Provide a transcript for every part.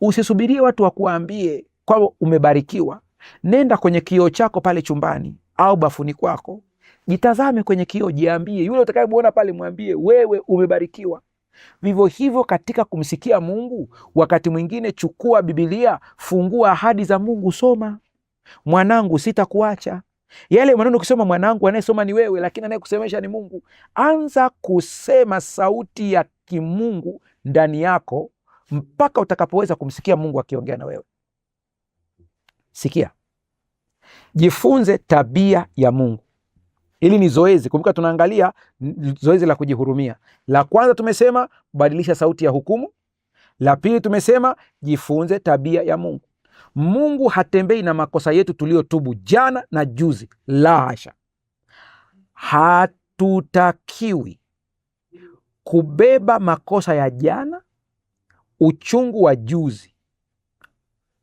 Usisubirie watu wakuambie kwamba umebarikiwa. Nenda kwenye kioo chako pale chumbani au bafuni kwako, jitazame kwenye kioo, jiambie. Yule utakayemwona pale, mwambie wewe umebarikiwa. Vivyo hivyo katika kumsikia Mungu, wakati mwingine chukua Bibilia, fungua ahadi za Mungu, soma. Mwanangu, sitakuacha yale maneno ukisoma, mwanangu, anayesoma ni wewe, lakini anayekusemesha ni Mungu. Anza kusema sauti ya kimungu ndani yako, mpaka utakapoweza kumsikia Mungu akiongea na wewe. Sikia, jifunze tabia ya Mungu. Hili ni zoezi. Kumbuka tunaangalia zoezi la kujihurumia. La kwanza tumesema badilisha sauti ya hukumu. La pili tumesema jifunze tabia ya Mungu. Mungu hatembei na makosa yetu tuliyotubu jana na juzi, la hasha. Hatutakiwi kubeba makosa ya jana uchungu wa juzi.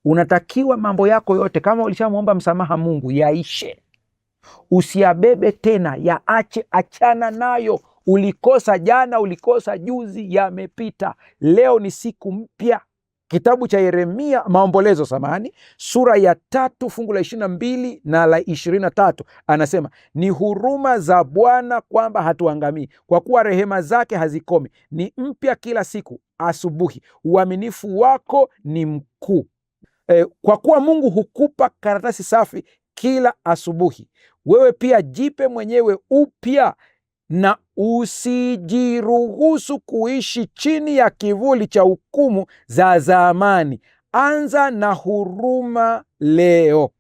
Unatakiwa mambo yako yote, kama ulishamwomba msamaha Mungu, yaishe, usiyabebe tena, yaache, achana nayo. Ulikosa jana, ulikosa juzi, yamepita. Leo ni siku mpya Kitabu cha Yeremia Maombolezo samani, sura ya tatu fungu la ishirini na mbili na la ishirini na tatu anasema ni huruma za Bwana kwamba hatuangamii, kwa kuwa rehema zake hazikomi, ni mpya kila siku asubuhi, uaminifu wako ni mkuu. E, kwa kuwa Mungu hukupa karatasi safi kila asubuhi, wewe pia jipe mwenyewe upya na usijiruhusu kuishi chini ya kivuli cha hukumu za zamani. Anza na huruma leo.